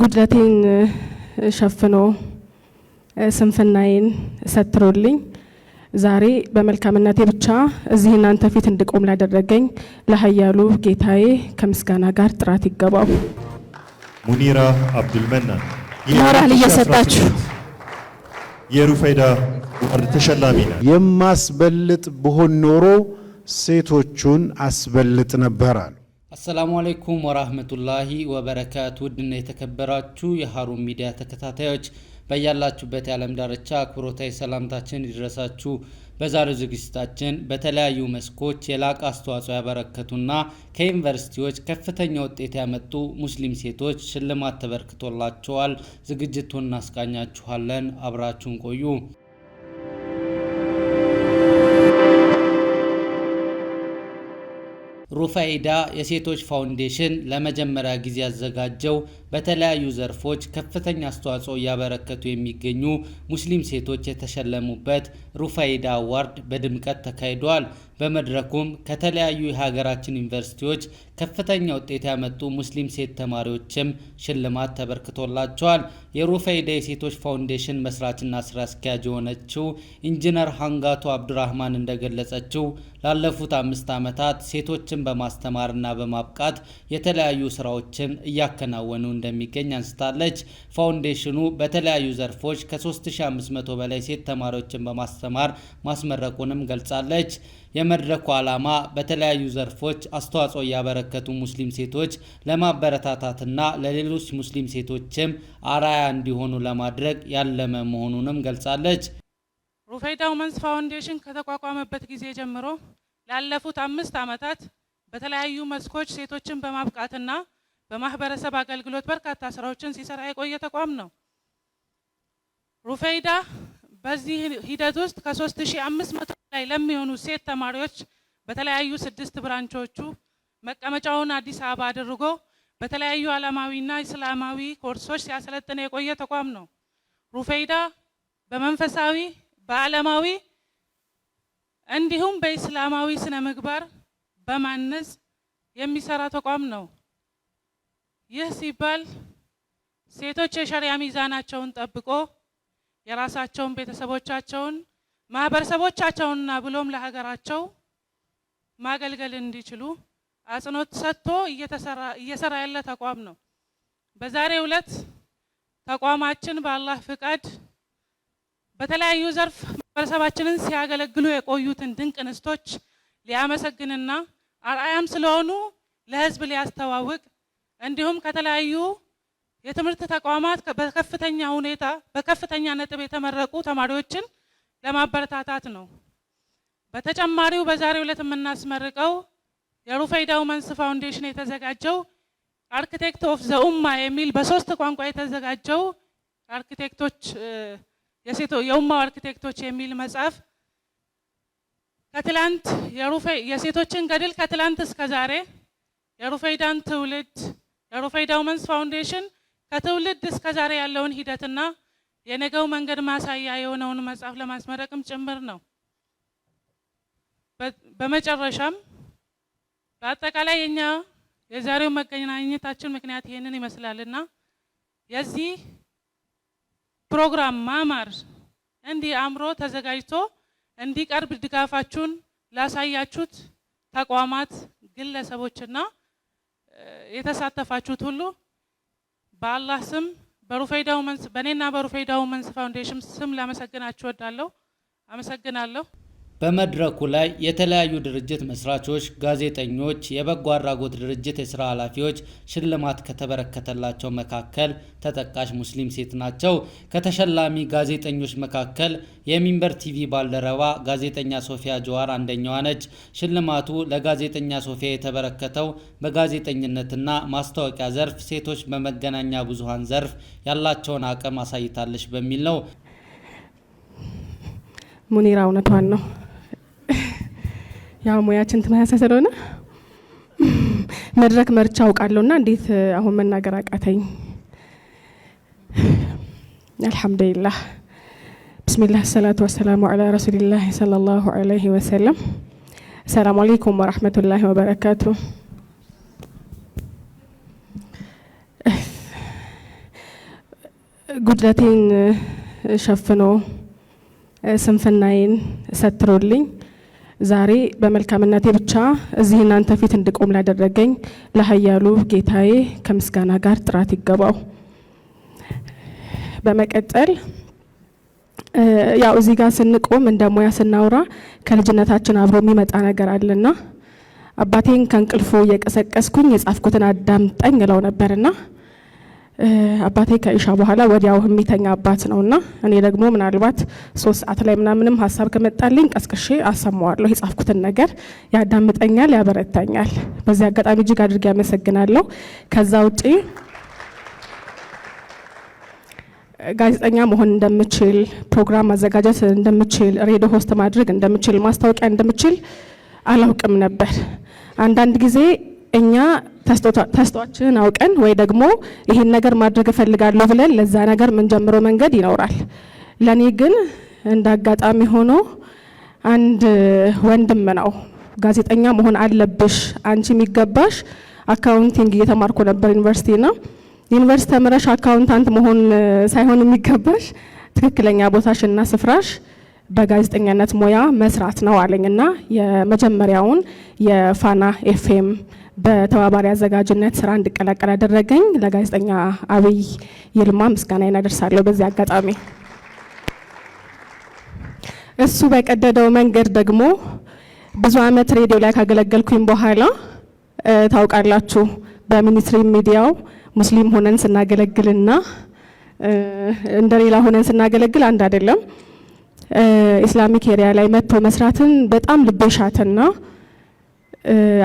ጉድለቴን ሸፍኖ ስንፍናዬን ሰትሮልኝ ዛሬ በመልካምነቴ ብቻ እዚህ እናንተ ፊት እንድቆም ላደረገኝ ለሀያሉ ጌታዬ ከምስጋና ጋር ጥራት ይገባው። ሙኒራ አብዱልመናን ሞራል እየሰጣችሁ የሩፋይዳ ዋርድ ተሸላሚ ነው። የማስበልጥ ብሆን ኖሮ ሴቶቹን አስበልጥ ነበራል። አሰላሙ አለይኩም ወራህመቱላሂ ወበረካቱ። ውድና የተከበራችሁ የሀሩን ሚዲያ ተከታታዮች በያላችሁበት የዓለም ዳርቻ አክብሮታዊ ሰላምታችን ይድረሳችሁ። በዛሬው ዝግጅታችን በተለያዩ መስኮች የላቀ አስተዋጽኦ ያበረከቱና ከዩኒቨርሲቲዎች ከፍተኛ ውጤት ያመጡ ሙስሊም ሴቶች ሽልማት ተበርክቶላቸዋል። ዝግጅቱን እናስቃኛችኋለን። አብራችሁን ቆዩ። ሩፋይዳ የሴቶች ፋውንዴሽን ለመጀመሪያ ጊዜ ያዘጋጀው በተለያዩ ዘርፎች ከፍተኛ አስተዋጽኦ እያበረከቱ የሚገኙ ሙስሊም ሴቶች የተሸለሙበት ሩፋይዳ አዋርድ በድምቀት ተካሂዷል። በመድረኩም ከተለያዩ የሀገራችን ዩኒቨርሲቲዎች ከፍተኛ ውጤት ያመጡ ሙስሊም ሴት ተማሪዎችም ሽልማት ተበርክቶላቸዋል። የሩፈይዳ የሴቶች ፋውንዴሽን መስራችና ስራ አስኪያጅ የሆነችው ኢንጂነር ሀንጋቱ አብዱራህማን እንደገለጸችው ላለፉት አምስት ዓመታት ሴቶችን በማስተማርና በማብቃት የተለያዩ ስራዎችን እያከናወኑ እንደሚገኝ አንስታለች። ፋውንዴሽኑ በተለያዩ ዘርፎች ከ3500 በላይ ሴት ተማሪዎችን በማስተማር ማስመረቁንም ገልጻለች። የመድረኩ ዓላማ በተለያዩ ዘርፎች አስተዋጽኦ እያበረከቱ ሙስሊም ሴቶች ለማበረታታትና ለሌሎች ሙስሊም ሴቶችም አራያ እንዲሆኑ ለማድረግ ያለመ መሆኑንም ገልጻለች። ሩፈይዳ ውመንስ ፋውንዴሽን ከተቋቋመበት ጊዜ ጀምሮ ላለፉት አምስት ዓመታት በተለያዩ መስኮች ሴቶችን በማብቃትና በማህበረሰብ አገልግሎት በርካታ ስራዎችን ሲሰራ የቆየ ተቋም ነው። ሩፈይዳ በዚህ ሂደት ውስጥ ከ3500 ላይ ለሚሆኑ ሴት ተማሪዎች በተለያዩ ስድስት ብራንቾቹ መቀመጫውን አዲስ አበባ አድርጎ በተለያዩ ዓለማዊና እስላማዊ ኮርሶች ሲያሰለጥነ የቆየ ተቋም ነው። ሩፌይዳ በመንፈሳዊ በዓለማዊ እንዲሁም በኢስላማዊ ስነ ምግባር በማነጽ የሚሰራ ተቋም ነው። ይህ ሲባል ሴቶች የሸሪያ ሚዛናቸውን ጠብቆ የራሳቸውን ቤተሰቦቻቸውን ማህበረሰቦቻቸውንና ብሎም ለሀገራቸው ማገልገል እንዲችሉ አጽንኦት ሰጥቶ እየሰራ ያለ ተቋም ነው። በዛሬው ዕለት ተቋማችን በአላህ ፍቃድ በተለያዩ ዘርፍ ማህበረሰባችንን ሲያገለግሉ የቆዩትን ድንቅ እንስቶች ሊያመሰግንና አርአያም ስለሆኑ ለህዝብ ሊያስተዋውቅ እንዲሁም ከተለያዩ የትምህርት ተቋማት በከፍተኛ ሁኔታ በከፍተኛ ነጥብ የተመረቁ ተማሪዎችን ለማበረታታት ነው። በተጨማሪው በዛሬው ዕለት የምናስመርቀው የሩፈይዳው መንስ ፋውንዴሽን የተዘጋጀው አርክቴክት ኦፍ ዘኡማ የሚል በሶስት ቋንቋ የተዘጋጀው አርክቴክቶች የሴቶ የኡማው አርክቴክቶች የሚል መጽሐፍ ከትላንት የሴቶችን ገድል ከትላንት እስከ ዛሬ የሩፈይዳን ትውልድ የሩፈይዳው መንስ ፋውንዴሽን ከትውልድ እስከ ዛሬ ያለውን ሂደትና የነገው መንገድ ማሳያ የሆነውን መጽሐፍ ለማስመረቅም ጭምር ነው። በመጨረሻም በአጠቃላይ የኛ የዛሬው መገናኘታችን ምክንያት ይህንን ይመስላልና የዚህ ፕሮግራም ማማር እንዲህ አእምሮ ተዘጋጅቶ እንዲቀርብ ድጋፋችሁን ላሳያችሁት ተቋማት፣ ግለሰቦችና የተሳተፋችሁት ሁሉ በአላህ ስም በሩፈይዳው መንስ በእኔና በሩፈይዳው መንስ ፋውንዴሽን ስም ላመሰግናችሁ እወዳለሁ። አመሰግናለሁ። በመድረኩ ላይ የተለያዩ ድርጅት መስራቾች፣ ጋዜጠኞች፣ የበጎ አድራጎት ድርጅት የስራ ኃላፊዎች ሽልማት ከተበረከተላቸው መካከል ተጠቃሽ ሙስሊም ሴት ናቸው። ከተሸላሚ ጋዜጠኞች መካከል የሚንበር ቲቪ ባልደረባ ጋዜጠኛ ሶፊያ ጀዋር አንደኛዋ ነች። ሽልማቱ ለጋዜጠኛ ሶፊያ የተበረከተው በጋዜጠኝነትና ማስታወቂያ ዘርፍ ሴቶች በመገናኛ ብዙሃን ዘርፍ ያላቸውን አቅም አሳይታለች በሚል ነው። ሙኒራ እውነቷን ነው። ያ ሙያችን ተመሳሳይ ስለሆነ መድረክ መርቻ እና እንዴት አሁን መናገር አቃተኝ። አልሐምዱሊላህ ብስሚላህ ሰላቱ ወሰላሙ አላ ረሱሊላህ ሰለላሁ አለይሂ ወሰለም። አሰላሙ አለይኩም ወረህመቱላሂ ወበረካቱ። ጉድለቴን ሸፍኖ ስንፍናዬን ሰትሮልኝ ዛሬ በመልካምነቴ ብቻ እዚህ እናንተ ፊት እንድቆም ላደረገኝ ለኃያሉ ጌታዬ ከምስጋና ጋር ጥራት ይገባው። በመቀጠል ያው እዚህ ጋር ስንቆም እንደ ሙያ ስናወራ ከልጅነታችን አብሮ የሚመጣ ነገር አለና አባቴን ከእንቅልፉ እየቀሰቀስኩኝ የጻፍኩትን አዳምጠኝ እለው ነበርና አባቴ ከኢሻ በኋላ ወዲያው የሚተኛ አባት ነውና እኔ ደግሞ ምናልባት ሶስት ሰዓት ላይ ምናምንም ሀሳብ ከመጣልኝ ቀስቅሼ አሰማዋለሁ። የጻፍኩትን ነገር ያዳምጠኛል፣ ያበረታኛል። በዚህ አጋጣሚ እጅግ አድርጌ ያመሰግናለሁ። ከዛ ውጪ ጋዜጠኛ መሆን እንደምችል፣ ፕሮግራም ማዘጋጀት እንደምችል፣ ሬዲዮ ሆስት ማድረግ እንደምችል፣ ማስታወቂያ እንደምችል አላውቅም ነበር። አንዳንድ ጊዜ እኛ ተስቷችንን አውቀን ወይ ደግሞ ይሄን ነገር ማድረግ እፈልጋለሁ ብለን ለዛ ነገር የምንጀምረው መንገድ ይኖራል። ለኔ ግን እንደ አጋጣሚ ሆኖ አንድ ወንድም ነው ጋዜጠኛ መሆን አለብሽ አንቺ የሚገባሽ አካውንቲንግ እየተማርኩ ነበር ዩኒቨርሲቲ ና ዩኒቨርሲቲ ተምረሽ አካውንታንት መሆን ሳይሆን የሚገባሽ ትክክለኛ ቦታሽ እና ስፍራሽ በጋዜጠኛነት ሙያ መስራት ነው አለኝ እና የመጀመሪያውን የፋና ኤፍኤም በተባባሪ አዘጋጅነት ስራ እንድቀላቀል አደረገኝ። ለጋዜጠኛ አብይ ይልማ ምስጋና አደርሳለሁ። በዚህ አጋጣሚ እሱ በቀደደው መንገድ ደግሞ ብዙ አመት ሬዲዮ ላይ ካገለገልኩኝ በኋላ ታውቃላችሁ፣ በሚኒስትሪ ሚዲያው ሙስሊም ሆነን ስናገለግልና እንደ ሌላ ሆነን ስናገለግል አንድ አይደለም። ኢስላሚክ ኤሪያ ላይ መጥቶ መስራትን በጣም ልቤ ሻተና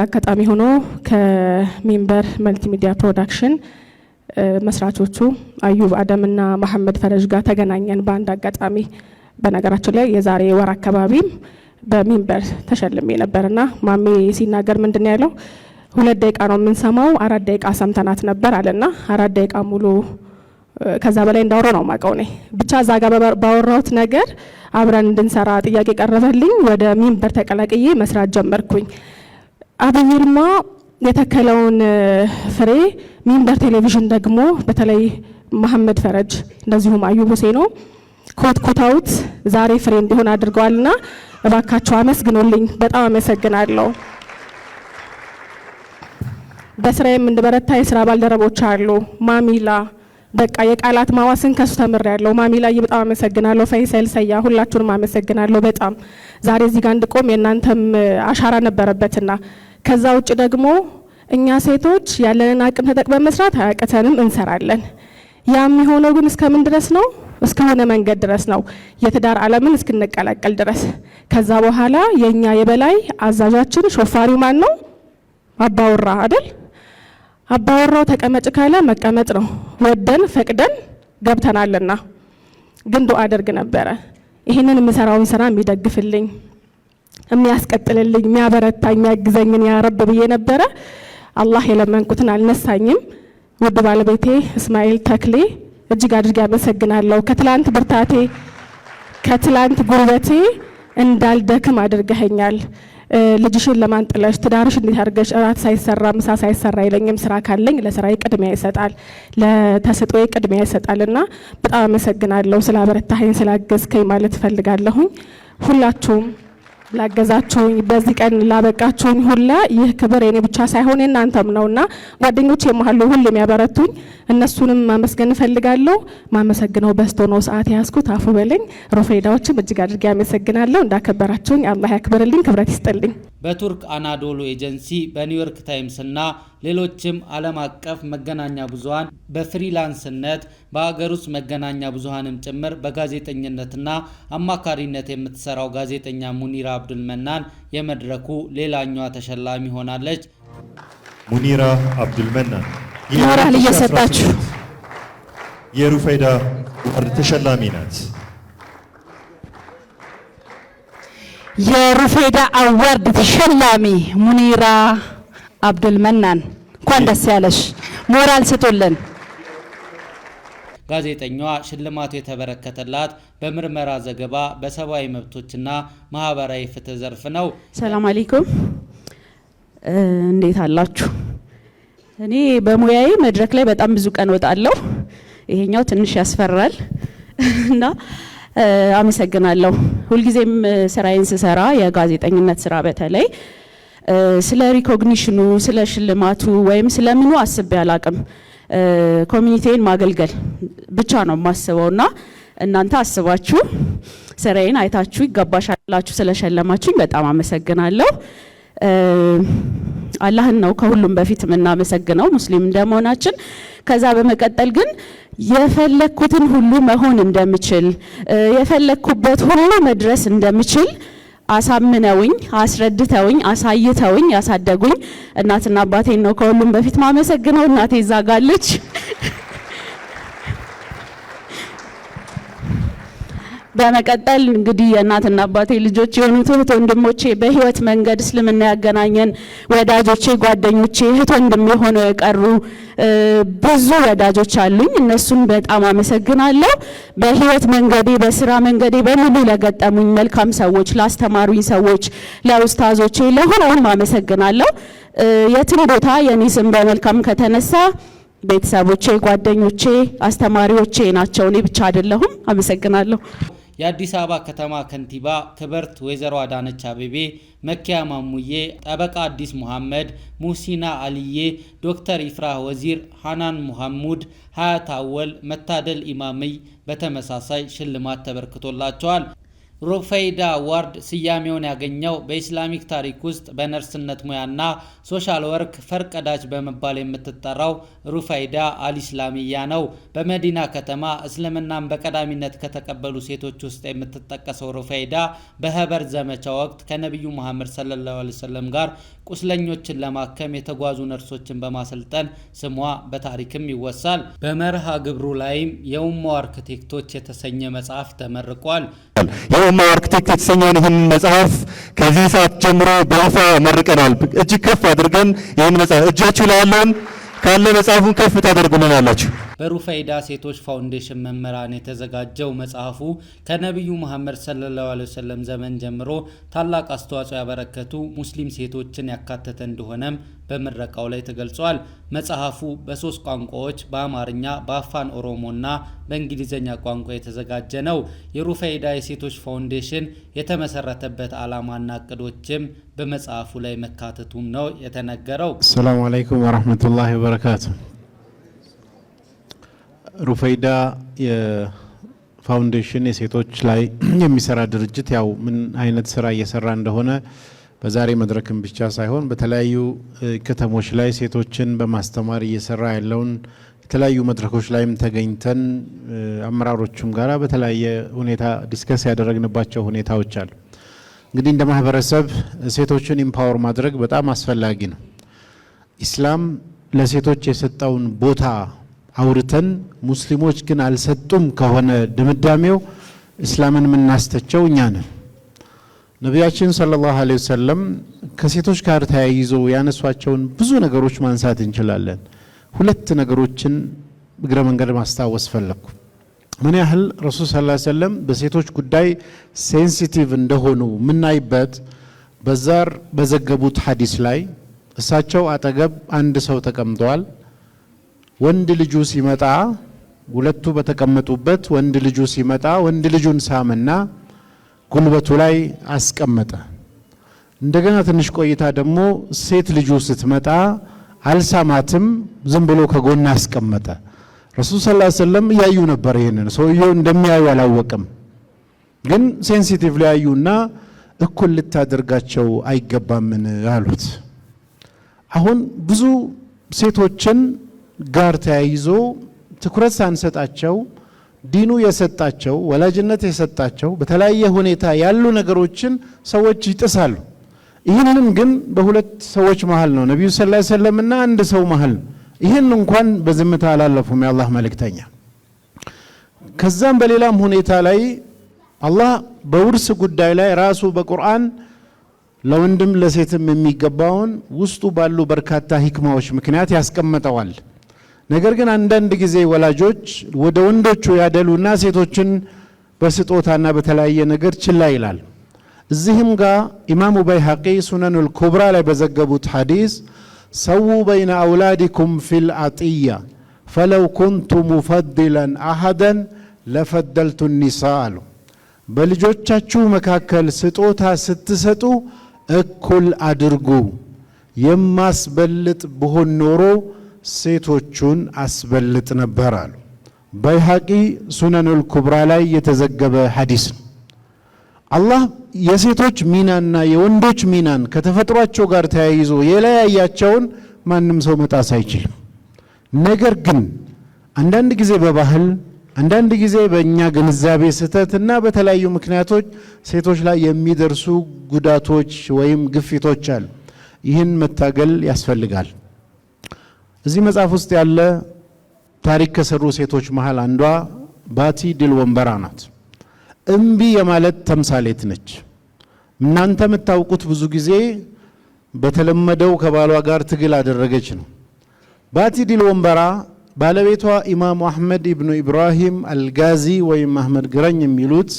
አጋጣሚ ሆኖ ከሚንበር መልቲሚዲያ ፕሮዳክሽን መስራቾቹ አዩብ አደምና መሐመድ ፈረጅ ጋር ተገናኘን በአንድ አጋጣሚ። በነገራችን ላይ የዛሬ ወር አካባቢም በሚንበር ተሸልሜ ነበርና ማሜ ሲናገር ምንድን ያለው ሁለት ደቂቃ ነው የምንሰማው፣ አራት ደቂቃ ሰምተናት ነበር አለና አራት ደቂቃ ሙሉ ከዛ በላይ እንዳወራ ነው ማቀው ነኝ ብቻ እዛ ጋር ባወራሁት ነገር አብረን እንድንሰራ ጥያቄ ቀረበልኝ። ወደ ሚንበር ተቀላቅዬ መስራት ጀመርኩኝ። አብይ ይልማ የተከለውን ፍሬ ሚንበር ቴሌቪዥን ደግሞ በተለይ መሐመድ ፈረጅ እንደዚሁም አዩብ ሁሴኖ ኮትኩተውት ዛሬ ፍሬ እንዲሆን አድርገዋልና እባካቸው አመስግኖልኝ። በጣም አመሰግናለሁ። በስራዬም እንድበረታ የስራ ባልደረቦች አሉ ማሚላ በቃ የቃላት ማዋስን ከሱ ተምር ያለው ማሚ ላይ በጣም አመሰግናለሁ። ፈይሰል ሰያ ሁላችሁንም አመሰግናለሁ። በጣም ዛሬ እዚህ ጋር እንድቆም የእናንተም አሻራ ነበረበትና ከዛ ውጭ ደግሞ እኛ ሴቶች ያለንን አቅም ተጠቅመን መስራት አያቅተንም፣ እንሰራለን። ያ የሚሆነው ግን እስከምን ድረስ ነው? እስከሆነ መንገድ ድረስ ነው። የትዳር ዓለምን እስክንቀላቀል ድረስ። ከዛ በኋላ የኛ የበላይ አዛዣችን ሾፋሪው ማን ነው? አባወራ አይደል? አባወራው ተቀመጭ ካለ መቀመጥ ነው። ወደን ፈቅደን ገብተናልና ግን ዱዓ አደርግ ነበረ ይህንን የምሰራውን ስራ የሚደግፍልኝ የሚያስቀጥልልኝ የሚያበረታኝ የሚያግዘኝን ያረብ ብዬ ነበረ። አላህ የለመንኩትን አልነሳኝም። ውድ ባለቤቴ እስማኤል ተክሌ እጅግ አድርጌ አመሰግናለሁ። ከትላንት ብርታቴ ከትላንት ጉልበቴ እንዳልደክም አድርገኸኛል። ልጅሽን ለማንጥለሽ ትዳርሽ እንዴት አድርገሽ እራት ሳይሰራ ምሳ ሳይሰራ የለኝም ስራ ካለኝ ለስራዬ ቅድሚያ ይሰጣል፣ ለተሰጥኦዬ ቅድሚያ ይሰጣል። እና በጣም አመሰግናለሁ ስላበረታኸኝ ስላገዝከኝ ማለት እፈልጋለሁኝ ሁላችሁም ላገዛችሁኝ በዚህ ቀን ላበቃችሁኝ ሁላ ይህ ክብር የኔ ብቻ ሳይሆን የእናንተም ነውና ጓደኞች የመሀሉ ሁሉ የሚያበረቱኝ እነሱንም ማመስገን እፈልጋለሁ። ማመሰግነው በስቶ ነው ሰዓት የያዝኩት አፉ በለኝ። ሮፌዳዎችም እጅግ አድርጌ አመሰግናለሁ። እንዳከበራችሁኝ አላህ ያክብርልኝ፣ ክብረት ይስጥልኝ። በቱርክ አናዶሎ ኤጀንሲ በኒውዮርክ ታይምስና ሌሎችም ዓለም አቀፍ መገናኛ ብዙሀን በፍሪላንስነት በሀገር ውስጥ መገናኛ ብዙሃንም ጭምር በጋዜጠኝነትና አማካሪነት የምትሰራው ጋዜጠኛ ሙኒራ አብዱል መናን የመድረኩ ሌላኛዋ ተሸላሚ ሆናለች። ሙኒራ አብዱል መናን ሞራል እየሰጣችሁ የሩፌይዳ ዋርድ ተሸላሚ ናት። የሩፌይዳ አዋርድ ተሸላሚ ሙኒራ አብዱል መናን እንኳን ደስ ያለሽ። ሞራል ስጡልን። ጋዜጠኛዋ ሽልማቱ የተበረከተላት በምርመራ ዘገባ በሰብአዊ መብቶችና ማህበራዊ ፍትህ ዘርፍ ነው። ሰላም አሌይኩም፣ እንዴት አላችሁ? እኔ በሙያዬ መድረክ ላይ በጣም ብዙ ቀን ወጣለሁ። ይሄኛው ትንሽ ያስፈራል እና አመሰግናለሁ። ሁልጊዜም ስራዬን ስሰራ የጋዜጠኝነት ስራ በተለይ ስለ ሪኮግኒሽኑ ስለ ሽልማቱ ወይም ስለምኑ አስቤ አላቅም። ኮሚኒቲን ማገልገል ብቻ ነው የማስበው እና እናንተ አስባችሁ ስራዬን አይታችሁ ይገባሻል ብላችሁ ስለሸለማችሁኝ በጣም አመሰግናለሁ። አላህን ነው ከሁሉም በፊት የምናመሰግነው ሙስሊም እንደመሆናችን። ከዛ በመቀጠል ግን የፈለግኩትን ሁሉ መሆን እንደምችል የፈለግኩበት ሁሉ መድረስ እንደምችል አሳምነውኝ አስረድተውኝ አሳይተውኝ ያሳደጉኝ እናትና አባቴን ነው ከሁሉም በፊት ማመሰግነው። እናቴ ይዛጋለች። በመቀጠል እንግዲህ የእናትና አባቴ ልጆች የሆኑት እህት ወንድሞቼ በህይወት መንገድ እስልምና ያገናኘን ወዳጆቼ፣ ጓደኞቼ፣ እህት ወንድም ሆነው የቀሩ ብዙ ወዳጆች አሉኝ። እነሱን በጣም አመሰግናለሁ። በህይወት መንገዴ፣ በስራ መንገዴ በሙሉ ለገጠሙኝ መልካም ሰዎች፣ ላስተማሩኝ ሰዎች፣ ለውስታዞቼ፣ ለሁሉም አመሰግናለሁ። የትም ቦታ የኔ ስም በመልካም ከተነሳ ቤተሰቦቼ፣ ጓደኞቼ፣ አስተማሪዎቼ ናቸው። እኔ ብቻ አይደለሁም። አመሰግናለሁ። የአዲስ አበባ ከተማ ከንቲባ ክብርት ወይዘሮ አዳነች አቤቤ፣ መኪያ ማሙዬ፣ ጠበቃ አዲስ መሐመድ፣ ሙሲና አልዬ፣ ዶክተር ኢፍራህ ወዚር፣ ሃናን ሙሐሙድ፣ ሀያት አወል፣ መታደል ኢማመይ በተመሳሳይ ሽልማት ተበርክቶላቸዋል። ሩፌይዳ ዋርድ ስያሜውን ያገኘው በኢስላሚክ ታሪክ ውስጥ በነርስነት ሙያና ሶሻል ወርክ ፈርቀዳጅ በመባል የምትጠራው ሩፌይዳ አልኢስላሚያ ነው። በመዲና ከተማ እስልምናን በቀዳሚነት ከተቀበሉ ሴቶች ውስጥ የምትጠቀሰው ሩፌይዳ በኸበር ዘመቻ ወቅት ከነቢዩ መሐመድ ሰለላሁ ዐለይሂ ወሰለም ጋር ቁስለኞችን ለማከም የተጓዙ ነርሶችን በማሰልጠን ስሟ በታሪክም ይወሳል። በመርሃ ግብሩ ላይም የኡማ አርክቴክቶች የተሰኘ መጽሐፍ ተመርቋል። ጤናማው አርክቴክት የተሰኘውን ይህን መጽሐፍ ከዚህ ሰዓት ጀምሮ በይፋ መርቀናል። እጅግ ከፍ አድርገን ይህን መጽሐፍ እጃችሁ ላይ ያለውን ካለ መጽሐፉን ከፍ ታደርጉልን አላችሁ። በሩፋይዳ ሴቶች ፋውንዴሽን መምህራን የተዘጋጀው መጽሐፉ ከነቢዩ መሐመድ ሰለላሁ ዐለይሂ ወሰለም ዘመን ጀምሮ ታላቅ አስተዋጽኦ ያበረከቱ ሙስሊም ሴቶችን ያካተተ እንደሆነም በምረቃው ላይ ተገልጿል። መጽሐፉ በሶስት ቋንቋዎች በአማርኛ፣ በአፋን ኦሮሞና በእንግሊዝኛ ቋንቋ የተዘጋጀ ነው። የሩፈይዳ የሴቶች ፋውንዴሽን የተመሰረተበት ዓላማና እቅዶችም በመጽሐፉ ላይ መካተቱም ነው የተነገረው። አሰላሙ አለይኩም ወረህመቱላሂ ወበረካቱ። ሩፈይዳ የፋውንዴሽን የሴቶች ላይ የሚሰራ ድርጅት ያው ምን አይነት ስራ እየሰራ እንደሆነ በዛሬ መድረክም ብቻ ሳይሆን በተለያዩ ከተሞች ላይ ሴቶችን በማስተማር እየሰራ ያለውን የተለያዩ መድረኮች ላይም ተገኝተን አመራሮቹም ጋራ በተለያየ ሁኔታ ዲስከስ ያደረግንባቸው ሁኔታዎች አሉ። እንግዲህ እንደ ማህበረሰብ ሴቶችን ኢምፓወር ማድረግ በጣም አስፈላጊ ነው። ኢስላም ለሴቶች የሰጠውን ቦታ አውርተን ሙስሊሞች ግን አልሰጡም ከሆነ ድምዳሜው እስላምን የምናስተቸው እኛ ነን። ነቢያችን ሰለላሁ ዐለይሂ ወሰለም ከሴቶች ጋር ተያይዞ ያነሷቸውን ብዙ ነገሮች ማንሳት እንችላለን። ሁለት ነገሮችን እግረ መንገድ ማስታወስ ፈለግኩ። ምን ያህል ረሱል ሰለላሁ ዐለይሂ ወሰለም በሴቶች ጉዳይ ሴንሲቲቭ እንደሆኑ ምናይበት በዛር በዘገቡት ሐዲስ ላይ እሳቸው አጠገብ አንድ ሰው ተቀምጠዋል። ወንድ ልጁ ሲመጣ ሁለቱ በተቀመጡበት ወንድ ልጁ ሲመጣ ወንድ ልጁን ሳምና ጉልበቱ ላይ አስቀመጠ። እንደገና ትንሽ ቆይታ ደግሞ ሴት ልጁ ስትመጣ አልሳማትም፣ ዝም ብሎ ከጎን አስቀመጠ። ረሱል ሰለላሁ ዐለይሂ ወሰለም እያዩ ነበር። ይህንን ሰውየው እንደሚያዩ አላወቅም፣ ግን ሴንሲቲቭ ሊያዩና እኩል ልታደርጋቸው አይገባምን አሉት። አሁን ብዙ ሴቶችን ጋር ተያይዞ ትኩረት ሳንሰጣቸው ዲኑ የሰጣቸው ወላጅነት የሰጣቸው በተለያየ ሁኔታ ያሉ ነገሮችን ሰዎች ይጥሳሉ። ይህንንም ግን በሁለት ሰዎች መሀል ነው፣ ነቢዩ ላ ዐለይሂ ወሰለምና አንድ ሰው መሀል ነው። ይህን እንኳን በዝምታ አላለፉም የአላህ መልእክተኛ። ከዛም በሌላም ሁኔታ ላይ አላህ በውርስ ጉዳይ ላይ ራሱ በቁርአን ለወንድም ለሴትም የሚገባውን ውስጡ ባሉ በርካታ ሂክማዎች ምክንያት ያስቀምጠዋል። ነገር ግን አንዳንድ ጊዜ ወላጆች ወደ ወንዶቹ ያደሉና ሴቶችን በስጦታና በተለያየ ነገር ችላ ይላል። እዚህም ጋር ኢማሙ በይሐቂ ሱነኑል ኩብራ ላይ በዘገቡት ሐዲስ ሰው በይነ አውላዲኩም ፊል አጢያ ፈለው ኩንቱ ሙፈድለን አሐደን ለፈደልቱ ኒሳ አሉ። በልጆቻችሁ መካከል ስጦታ ስትሰጡ እኩል አድርጉ። የማስበልጥ ብሆን ኖሮ ሴቶቹን አስበልጥ ነበር አሉ። በይሐቂ ሱነኑል ኩብራ ላይ የተዘገበ ሐዲስ ነው። አላህ የሴቶች ሚናና የወንዶች ሚናን ከተፈጥሯቸው ጋር ተያይዞ የለያያቸውን ማንም ሰው መጣስ አይችልም። ነገር ግን አንዳንድ ጊዜ በባህል አንዳንድ ጊዜ በእኛ ግንዛቤ ስህተት እና በተለያዩ ምክንያቶች ሴቶች ላይ የሚደርሱ ጉዳቶች ወይም ግፊቶች አሉ። ይህን መታገል ያስፈልጋል። እዚህ መጽሐፍ ውስጥ ያለ ታሪክ ከሰሩ ሴቶች መሀል አንዷ ባቲ ድል ወንበራ ናት። እምቢ የማለት ተምሳሌት ነች። እናንተ የምታውቁት ብዙ ጊዜ በተለመደው ከባሏ ጋር ትግል አደረገች ነው። ባቲ ድል ወንበራ ባለቤቷ ኢማሙ አሕመድ ኢብኑ ኢብራሂም አልጋዚ ወይም አሕመድ ግረኝ የሚሉት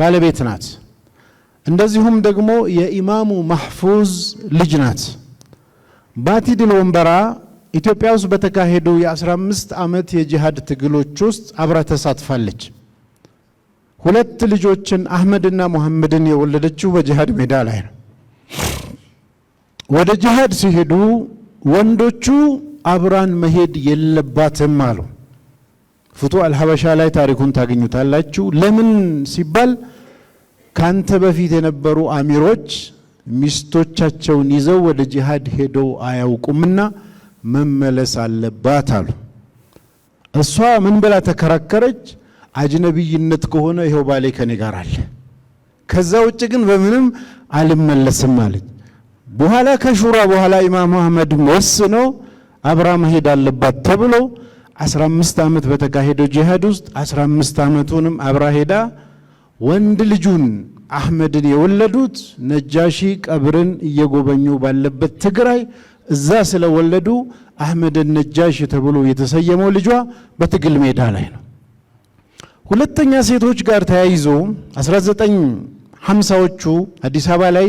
ባለቤት ናት። እንደዚሁም ደግሞ የኢማሙ ማሕፉዝ ልጅ ናት። ባቲ ድል ወንበራ ኢትዮጵያ ውስጥ በተካሄዱ የ15 ዓመት የጂሃድ ትግሎች ውስጥ አብራ ተሳትፋለች። ሁለት ልጆችን አህመድና ሙሐመድን የወለደችው በጂሃድ ሜዳ ላይ ነው። ወደ ጂሃድ ሲሄዱ ወንዶቹ አብራን መሄድ የለባትም አሉ። ፍቱ አልሀበሻ ላይ ታሪኩን ታገኙታላችሁ። ለምን ሲባል ካንተ በፊት የነበሩ አሚሮች ሚስቶቻቸውን ይዘው ወደ ጂሃድ ሄደው አያውቁምና መመለስ አለባት አሉ። እሷ ምን ብላ ተከራከረች? አጅነቢይነት ከሆነ ይኸው ባሌ ከኔ ጋር አለ፣ ከዛ ውጭ ግን በምንም አልመለስም አለች። በኋላ ከሹራ በኋላ ኢማም አህመድ ወስነው አብራ መሄድ አለባት ተብሎ 15 ዓመት በተካሄደው ጂሃድ ውስጥ 15 ዓመቱንም አብራ ሄዳ ወንድ ልጁን አህመድን የወለዱት ነጃሺ ቀብርን እየጎበኙ ባለበት ትግራይ እዛ ስለወለዱ አህመድ ነጃሽ ተብሎ የተሰየመው ልጇ በትግል ሜዳ ላይ ነው። ሁለተኛ ሴቶች ጋር ተያይዞ 1950ዎቹ አዲስ አበባ ላይ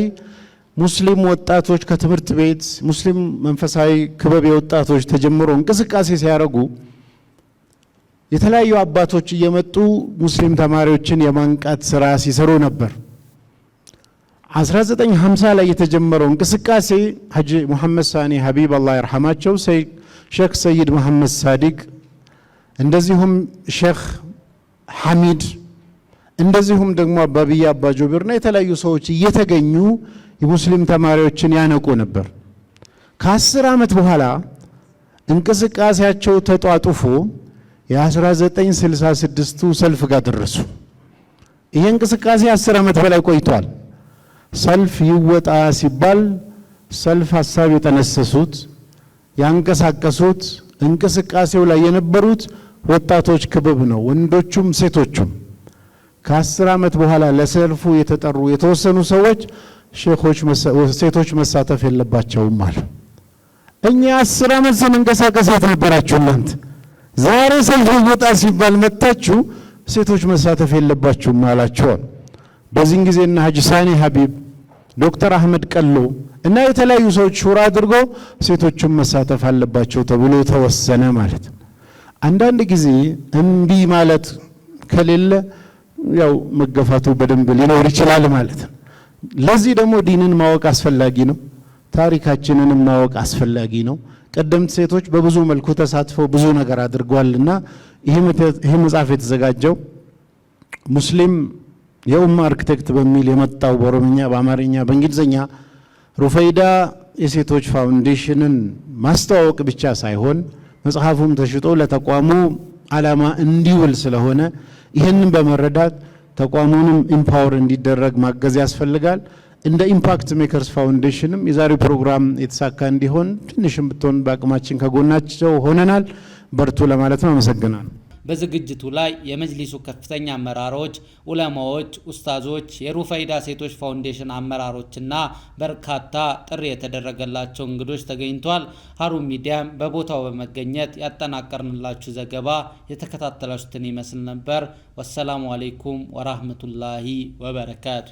ሙስሊም ወጣቶች ከትምህርት ቤት ሙስሊም መንፈሳዊ ክበብ የወጣቶች ተጀምሮ እንቅስቃሴ ሲያደርጉ የተለያዩ አባቶች እየመጡ ሙስሊም ተማሪዎችን የማንቃት ስራ ሲሰሩ ነበር። 1950 ላይ የተጀመረው እንቅስቃሴ ሀጂ ሙሐመድ ሳኒ ሀቢብ አላህ ይርሐማቸው፣ ሼክ ሰይድ መሐመድ ሳዲቅ፣ እንደዚሁም ሼክ ሐሚድ እንደዚሁም ደግሞ አባብያ አባ ጆቢርና የተለያዩ ሰዎች እየተገኙ የሙስሊም ተማሪዎችን ያነቁ ነበር። ከአስር ዓመት በኋላ እንቅስቃሴያቸው ተጧጡፎ የ1966ቱ ሰልፍ ጋር ደረሱ። ይሄ እንቅስቃሴ አስር ዓመት በላይ ቆይቷል። ሰልፍ ይወጣ ሲባል ሰልፍ ሀሳብ የጠነሰሱት ያንቀሳቀሱት እንቅስቃሴው ላይ የነበሩት ወጣቶች ክበብ ነው። ወንዶቹም ሴቶቹም ከአስር ዓመት በኋላ ለሰልፉ የተጠሩ የተወሰኑ ሰዎች ሴቶች መሳተፍ የለባቸውም አሉ። እኛ አስር ዓመት ስንንቀሳቀስ የት ነበራችሁ እናንተ? ዛሬ ሰልፍ ይወጣ ሲባል መጥታችሁ ሴቶች መሳተፍ የለባችሁም አላቸዋል። በዚህን ጊዜና ሀጂ ሳኒ ሀቢብ ዶክተር አህመድ ቀሎ እና የተለያዩ ሰዎች ሹራ አድርጎ ሴቶችን መሳተፍ አለባቸው ተብሎ ተወሰነ ማለት ነው። አንዳንድ ጊዜ እምቢ ማለት ከሌለ ያው መገፋቱ በደንብ ሊኖር ይችላል ማለት ነው። ለዚህ ደግሞ ዲንን ማወቅ አስፈላጊ ነው። ታሪካችንንም ማወቅ አስፈላጊ ነው። ቀደምት ሴቶች በብዙ መልኩ ተሳትፈው ብዙ ነገር አድርጓልና ይህ መጽሐፍ የተዘጋጀው ሙስሊም የኡማ አርክቴክት በሚል የመጣው በኦሮምኛ፣ በአማርኛ፣ በእንግሊዝኛ ሩፈይዳ የሴቶች ፋውንዴሽንን ማስተዋወቅ ብቻ ሳይሆን መጽሐፉም ተሽጦ ለተቋሙ ዓላማ እንዲውል ስለሆነ ይህንን በመረዳት ተቋሙንም ኢምፓወር እንዲደረግ ማገዝ ያስፈልጋል። እንደ ኢምፓክት ሜከርስ ፋውንዴሽንም የዛሬው ፕሮግራም የተሳካ እንዲሆን ትንሽም ብትሆን በአቅማችን ከጎናቸው ሆነናል። በርቱ ለማለት አመሰግናል። በዝግጅቱ ላይ የመጅሊሱ ከፍተኛ አመራሮች፣ ኡለማዎች፣ ኡስታዞች፣ የሩፈይዳ ሴቶች ፋውንዴሽን አመራሮችና በርካታ ጥሪ የተደረገላቸው እንግዶች ተገኝተዋል። ሀሩን ሚዲያም በቦታው በመገኘት ያጠናቀርንላችሁ ዘገባ የተከታተላችሁትን ይመስል ነበር። ወሰላሙ አሌይኩም ወራህመቱላሂ ወበረካቱ